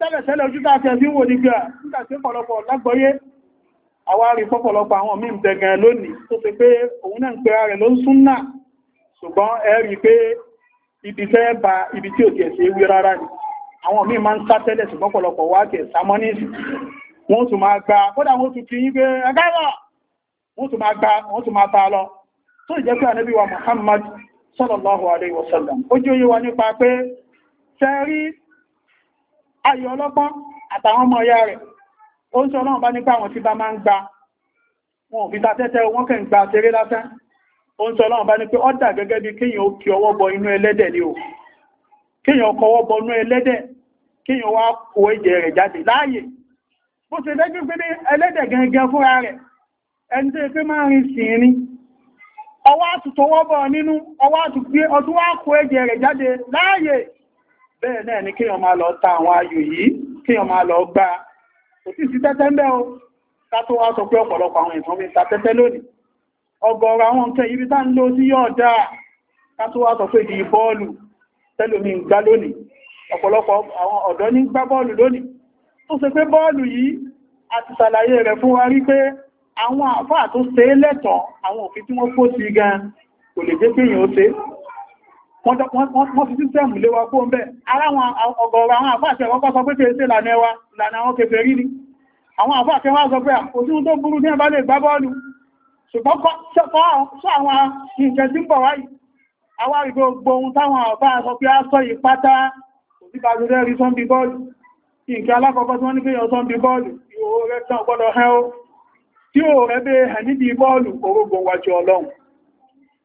tẹ́lẹ̀tẹ́lẹ̀ ojú dáṣẹ́ bí wò ní gbà nígbà tí pọ̀lọpọ̀ lágbọ́yé àwárí pọ̀pọ̀lọpọ̀ àwọn míì bẹ̀gẹ̀ lónìí tó fi pé òun náà ń pe ara rẹ̀ ló ń súnnà ṣùgbọ́n ẹ rí pé ibi fẹ́ ba ibi tí ò tiẹ̀ sí wí rárá ni àwọn míì máa ń sá tẹ́lẹ̀ ṣùgbọ́n pọ̀lọpọ̀ wá tiẹ̀ sámọ́ ní wọ́n tún máa gba kódà wọ́n tún kí yín pé ẹgbẹ́rọ̀ wọ́n tún máa gba wọ́n tún máa ta lọ tó wasallam ó jẹ́ òye wa nípa pé ayọ̀ ọlọ́gbọ́n àtàwọn ọmọ ọ̀yá rẹ̀ ó ń sọ ọlọ́run bá nípa àwọn tí bá gba wọn òbí ta wọn kẹ́ ń gba ṣeré lásán o ń sọ ọlọ́run bá ní pé ọ́dà gẹ́gẹ́ bí kíyàn ó kí ọwọ́ bọ inú ẹlẹ́dẹ̀ ni o kíyàn kọwọ́ bọ inú ẹlẹ́dẹ̀ kíyàn wá kó ẹ̀jẹ̀ rẹ̀ jáde láàyè bó ṣe pé ẹlẹ́dẹ̀ gẹ́gẹ́ fúnra rẹ̀ ẹni tó pé máa rin sìn ni ọwọ́ àtútọwọ́ bọ nínú ọwọ́ àtúgbé ọdún wá kó ẹ̀jẹ̀ rẹ̀ jáde láàyè bẹ́ẹ̀ náà ni kíyàn máa lọ ta àwọn ayò yìí kíyàn máa lọ gbá kò tí sí tẹ́tẹ́ ń bẹ́ o ká tó wá sọ pé ọ̀pọ̀lọpọ̀ àwọn ìtàn mi ta tẹ́tẹ́ lónìí ọgọ́rọ̀ àwọn nǹkan ibi tá ń lò sí yóò dáa ká tó wá sọ pé di bọ́ọ̀lù tẹ́lómi gbá lónìí ọ̀pọ̀lọpọ̀ àwọn ọ̀dọ́ wọ́n fi sísẹ̀mù lé wa kó ń bẹ́ aláwọn ọgọ̀ọ̀rọ̀ àwọn àfáàkẹ́ ọkọ́ sọ pé kèése lànà ẹwà lànà àwọn kèfèrí ni àwọn àfáàkẹ́ wá sọ pé òsìn tó burú ní ẹbá lè gbá bọ́ọ̀lù ṣùgbọ́n sọ àwọn nǹkan tí ń bọ̀ wáyìí awárí gbogbo ohun táwọn àfáà sọ pé á sọ yìí pátá òsì bá ti rẹ́rí sọ́nbí bọ́ọ̀lù nǹkan alákọ̀ọ́kọ́ tí wọ́n ní kéèyàn sọ́nbí bọ́ọ̀lù ìhò rẹ̀ tán gbọ́dọ̀ hẹ́ ó tí ò rẹ̀ bẹ́ẹ̀ hẹ̀ nídìí bọ́ọ̀lù orógbò wájú ọlọ́run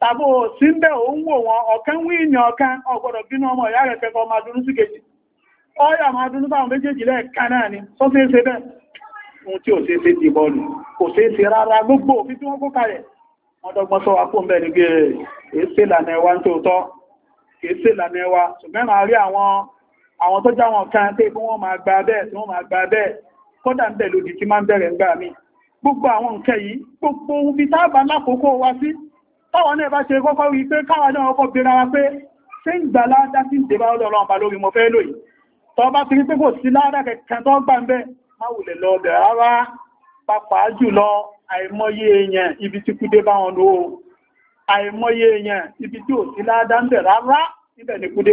tàbí ò sí ń bẹ́ òun wò wọn ọ̀kan wí ìyàn ọ̀kan ọgbọ̀dọ̀ bínú ọmọ ìyá rẹ̀ fẹ́kọ́ máa dunú sí kejì ọyà máa dunú sáwọn méjèèjì lẹ́ẹ̀kan náà ni tó ṣe é ṣe bẹ́ẹ̀ ohun tí ò ṣe é ṣe ti bọ́ọ̀lù kò ṣe é ṣe rárá gbogbo òfin tí wọ́n kó kalẹ̀ wọ́n dọ́gbọ́n sọ wà fún bẹ́ẹ̀ ni pé èsè lànà ẹwà ń tó tọ́ èsè lànà ẹwà ṣùgbọ́n máa rí àwọn àwọn tó jáwọn kan tẹ́ fún wọ́n máa gba bẹ́ẹ̀ tí wọ́n máa gba bẹ́ẹ̀ kódà ń bẹ̀ lòdì tí máa ń bẹ̀rẹ̀ ń gbà mí gbogbo àwọn nǹkan yìí gbogbo ohun fi tábà lákòókò wá sí táwọn náà bá ṣe kọ́kọ́ wí pé káwọn náà ọkọ̀ bèèrè wa pé ṣe ń gbà láàdá sí ìdèbá ọlọ́run pa lórí mọ̀ fẹ́ lóyìí tọ́ bá ti rí pé kò sí láàdá kẹ̀kẹ́ tó gbà ń bẹ́ máwùlẹ̀ lọ bẹ̀ rárá pàápàá jùlọ àìmọye èèyàn ibi tí kúdé bá wọn lóò àìmọye èèyàn ibi tí ò sí láàdá ń bẹ̀ rárá níbẹ̀ ni kúdé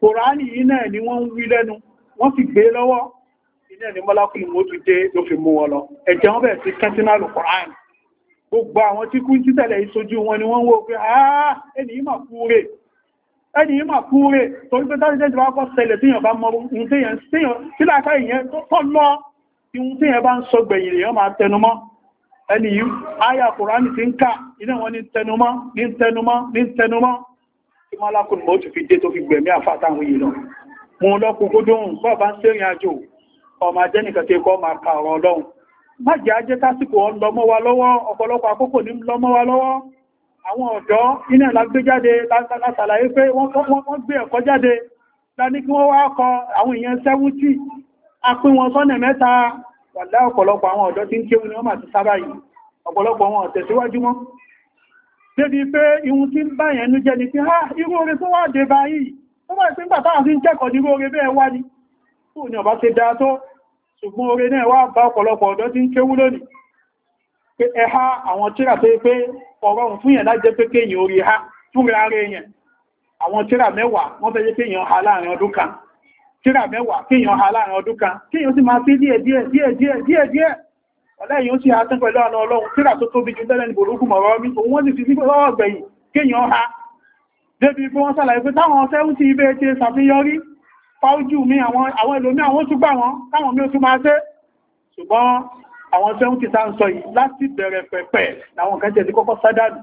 kòránì yìí náà ni wọ́n ń wí lẹ́nu wọ́n sì gbé lọ́wọ́ iná ni mọ́lákùn mọ́ tún dé ló fi mú wọn lọ ẹ̀jẹ̀ wọn bẹ̀rẹ̀ sí kẹ́ntínàlù kòránì gbogbo àwọn tí kú títẹ̀lẹ̀ ìṣojú wọn ni wọ́n wó pé àá ẹni yìí mà kúrè ẹni yìí mà kúrè torí pé tárí tẹ́jọ bá kọ́ ṣẹlẹ̀ tí yàn bá mọ ohun tí yàn tí láàká ìyẹn tó lọ ohun tí yàn bá ń sọ gbẹ̀yìn lèyàn máa tẹnumọ́ ẹni yìí áyà kòránì ti ń kà iná wọn ní tẹnumọ́ ní tẹnumọ́ ní tẹnumọ́ tí mọ́lákùn mọ́ tó fi dé tó fi gbẹ̀mí àfáàtàwọn yìí lọ mú lọ́kùn kó dóhùn bọ́ọ̀bá ń sẹ́rìn àjò ọmọ ajẹ́nìkan tí kọ́ máa ka ọ̀rọ̀ ọlọ́run má jẹ́ ajẹ́ tásìkò ọlọ́mọ́ wa lọ́wọ́ ọ̀pọ̀lọpọ̀ àkókò ní lọ́mọ́ wa lọ́wọ́ àwọn ọ̀dọ́ iná lágbéjáde látàlàyé pé wọ́n gbé ẹ̀kọ́ jáde láni kí wọ́n wá kọ àwọn èèyàn sẹ́wútì a pín wọn sọ́nà mẹ́ta wà lá ọ̀pọ̀lọpọ̀ àwọn ọ̀dọ́ tí ń kéwú ni wọ́n máa ti sábà yìí ọ̀pọ̀lọpọ̀ wọn ọ̀tẹ̀síwájú mọ́ débi pé ihun tí ń bá yẹn ní jẹ́ ni pé ha ah, irú oore tó wà dé bá yìí tó bá ìpín bàtà àti ń kẹ́kọ̀ọ́ ní irú oore bẹ́ẹ̀ wá ní tó ní ọba ti dáa tó ṣùgbọ́n oore náà wá bá ọ̀pọ̀lọpọ̀ ọ̀dọ́ tí ń kéwú lónìí ọlẹ́yìn ó sì ha tán pẹ̀lú àna ọlọ́run tíra tó tóbi jù tẹ́lẹ̀ ní bòlókù mọ̀rọ̀ mi òun wọ́n sì fi nígbà lọ́wọ́ gbẹ̀yìn kéèyàn ha débi bí wọ́n sàlàyé pé táwọn ọ̀sẹ́ ń ti ibẹ̀ ṣe ṣàfihànrí fáújù mi àwọn ẹlòmí àwọn tún gbà wọn káwọn mi ó tún máa ṣe ṣùgbọ́n àwọn ọ̀sẹ́ ń ti sá ń sọ yìí láti bẹ̀rẹ̀ pẹ̀pẹ̀ làwọn kan tẹ̀sí kọ́kọ́ sádàlù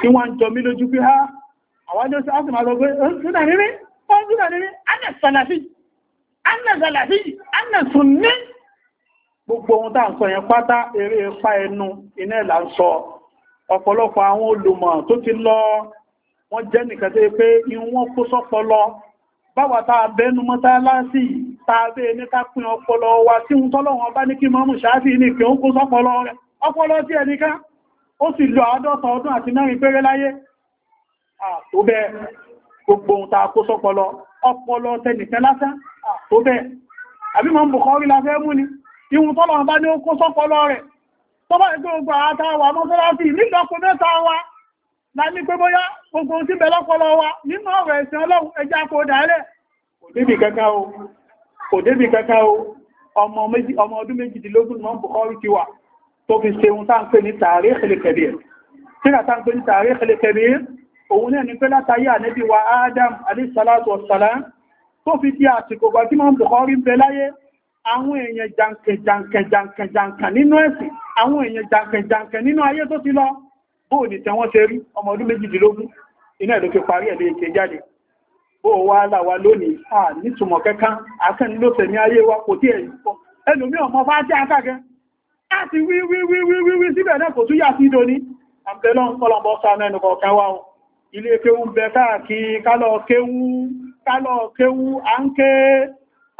tí wọ́n ń jọ mí lójú pé ha àwọn ọjọ́ sí máa lọ pé ṣúdà nírí ṣúdà nírí anna salafi anna salafi anna sunni gbogbo ohun tá ń sọ yẹn pátá eré ipá ẹnu iná ẹ̀là ń sọ ọ̀pọ̀lọpọ̀ àwọn olùmọ̀ tó ti lọ wọ́n jẹ́ nìkan tó pé ìwọ́n kó sọ́pọlọ báwa tá a bẹnu mọ́ táláàsì tá a bẹ́ẹ̀ ní kápín ọpọlọ wa tí ń tọ́lọ́wọ́n bá ní kí mọ́mù ṣááfì ní kí ó kó sọ́pọlọ rẹ̀ ọpọlọ tí ẹnìká ó sì lọ àádọ́ta ọdún àti mẹ́rin péré láyé àtòbẹ́ gbogbo ohun tá a kó sọ́pọlọ ọpọlọ tẹnìkan lásán àtòbẹ́ àbí mọ́ Bukhari la fẹ́ mú ni ìwùn tọ́lọ̀ bá ní ó kó sọ́pọ̀lọ́ rẹ̀ tó bá ìgbé ogun àátá wà mọ́sálásí nígbàkú mẹ́ta wa la ní pé bóyá ogun tí bẹ lọ́pọ̀lọ́ wa nínú ọ̀rọ̀ ẹ̀sìn ọlọ́run ẹjá kó dálẹ̀ kò débì kẹta o ọmọ ọdún méjìdínlógún mọ́ bukọ́rí ti wà tó fi ṣe ohun táǹpé ní tààrí ìkẹlẹ̀kẹ̀bí tíra táǹpé ní tààrí ìkẹlẹ̀kẹ̀bí òun náà ni pé látàrí ànẹ́bí wa Adam alayhi salatu wassalam tó fi di àsìkò gbà tí mọ́ bukọ́rí ń bẹ láyé àwọn èèyàn jàǹkẹ̀ jàǹkẹ̀ jàǹkẹ̀ jàǹkẹ̀ nínú ẹ̀sìn àwọn èèyàn jàǹkẹ̀ jàǹkẹ̀ nínú ayé tó ti lọ bóò ní tẹ̀wọ́n ṣe rí ọmọ ọdún méjìdínlógún iná ìlú fi parí ẹ̀lẹ́ ìṣe jáde bóò wá láwa lónìí à nítumọ̀ kẹ́kán akẹ́ni ló tẹ̀mí ayé wa kò tí ẹ̀yìn fọ́ ẹlòmí ọmọ bá jẹ́ akágẹ́ láti wí wí wí wí wí wí síbẹ̀ náà kò tún yà sí ìdóní àbẹ̀lọ́n kọlọ̀bọ̀ sànà ẹnu kọ̀ọ̀kan wa ilé kéwú bẹ káàkiri kálọ̀ kéwú kálọ̀ kéwú à ń ké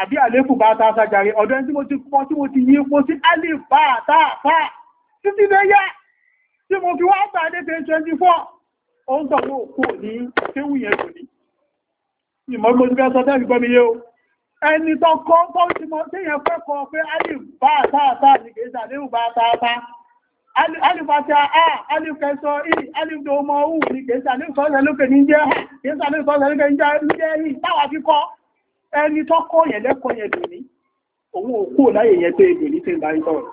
àbí àlékù bá ta sàjàrí ọ̀dọ́ ẹni tí mo ti kọ́ tí mo ti yí epo sí alif bá tààfà títí lè yá tí mo fi wá pàdé 24 oún tọ̀ yóò kò ní kéwù yẹn kò ní ìmọ̀gbọ́n ti fẹ́ sọ tẹ́lì gbọ́mi yé o ẹni tó kọ́ tó ti mọ́ tí yẹn fẹ́ kọ́ pé alif bá tààfà ní kèésì àlékù bá tààfà alif àti a alif kẹsọ i alif tó mọ òun ní kèésì àlékù sọ́ọ̀sẹ̀ lókè ní jẹ́ kèésì àlékù sọ́ọ̀sẹ̀ lókè ní jẹ́ yìí táwa fi kọ́ ẹni tó kọ́ yẹn lẹ́kọ̀ọ́ yẹn dùn ní òun ò kúrò láyé yẹn pé èdè ní tí ń bá ń sọ̀rọ̀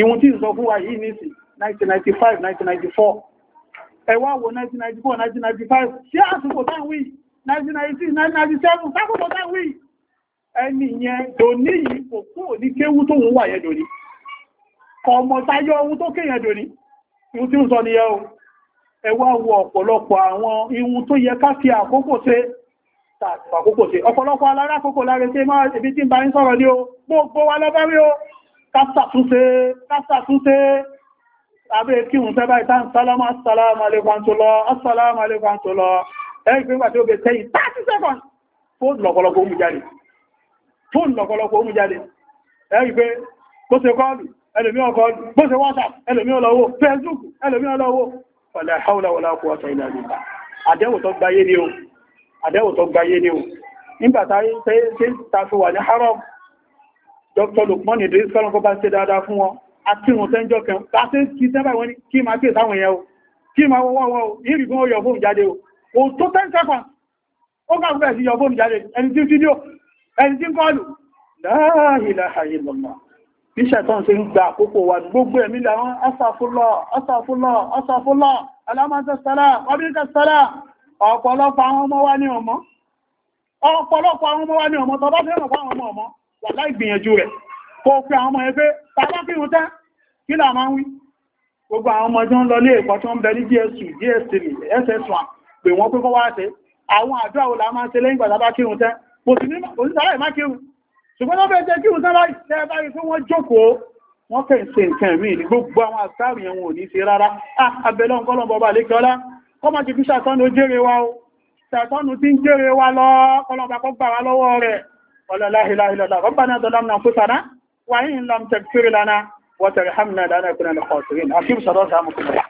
ìwọ̀n tí ń sọ fún wa yìí ní sí 1995 1994 ẹ wá wo 1994 1995 sí àsìkò táwí 1996 1997 sákòkò táwí ẹni yẹn dòní yìí kò kúrò ní kéwú tó ń wà yẹn dòní ọmọ táyọ ohun tó kéyàn dòní ìwọ̀n tí ń sọ nìyẹn o ẹ wá wo yẹ àkókò sí ọ̀pọ̀lọpọ̀ alára àkókò láre tí máa ibi tí ń bá ń sọ̀rọ̀ ní o gbogbo wa lọ́bẹ́rí o kásàtúnṣe kásàtúnṣe abẹ́ kí wùn tẹ́bá ìtàn sálámà sálámà alẹ́kùn tó lọ asálàmà alẹ́kùn tó lọ ẹgbẹ́gbà tí ó bẹ̀ tẹ́yìn 30 seconds fóòn lọ́pọ̀lọpọ̀ ohun jáde fóòn lọ́pọ̀lọpọ̀ ohun jáde ẹgbẹ́ bó ṣe kọlù ẹlòmí ọkọlù bó ṣe WhatsApp ẹlòmí ọlọ́wọ́ Facebook ẹlòmí ọlọ́wọ́ wala hawla wala quwwata illa billah àdẹ́wò tó gbáyé ni o àdẹ́wò tó gbáyé ní o nígbàtà tí tafi wà ní haram Dr. Lukman Idris kọ́lọ̀ kọ́ bá ṣe dáadáa fún wọn àti wọn tẹ́jọ́ kan láti kí tẹ́bà wọn ni kí máa kéèsà wọn yẹn o kí máa wọ́wọ́ wọn o yìí gbọ́n yọ fóòmù jáde o o tó tẹ́ sẹ́fà ó kà fúbẹ̀ sí yọ fóòmù jáde ẹni tí fídíò ẹni tí kọlù láàrínláà bí ṣẹ̀tàn ṣe ń gba àkókò wà gbogbo ẹ̀mí làwọn asàfúnlọ̀ asàfúnlọ̀ asàfúnlọ̀ alámọ́sẹ̀sẹ̀lá wàbíkẹ̀sẹ̀lá ọ̀pọ̀lọpọ̀ àwọn ọmọ wa ní ọmọ ọ̀pọ̀lọpọ̀ àwọn ọmọ wa ní ọmọ tọba fẹ́ràn fún àwọn ọmọ ọmọ wà láì gbìyànjú rẹ̀ kó fi àwọn ọmọ ẹgbẹ́ tàbá kí ìhùn tán kí là máa ń wí gbogbo àwọn ọmọ tó ń lọ ní ẹ̀kọ́ tó ń bẹ ní DSU DSTV SS1 pè wọ́n pé kọ́ wá ṣe àwọn àjọ àwọn là máa ń ṣe lẹ́yìn gbà tàbá kí ìhùn tán kò sì ní sàrà ìmá kí ìhùn ṣùgbọ́n tó bẹ̀ẹ́ kí ìhùn tán báyìí tẹ́ báyìí fún wọn jókòó wọ́n kẹ́ ń ṣe nǹkan mí ní gbogbo àwọn àṣàrù yẹn wọn ò ní ṣe rárá ah, abẹ́lọ́nkọ́lọ́bọ̀ bá lékọ́lá kọmọ ti fi ṣàtọ́nù jẹ́rẹ wa o ṣàtọ́nù tí ń jẹ́rẹ wa lọ kọlọ̀bà kọ́ gbà wá lọ́wọ́ rẹ̀ ọlọ́láhìláhìlọ́lá rọ́bàná dọ́lámnà fúsàná wáyé ńlọm tẹ̀kfìrìlànà wọ́tẹ̀rẹ̀ hàmìnà dáná ìpínlẹ̀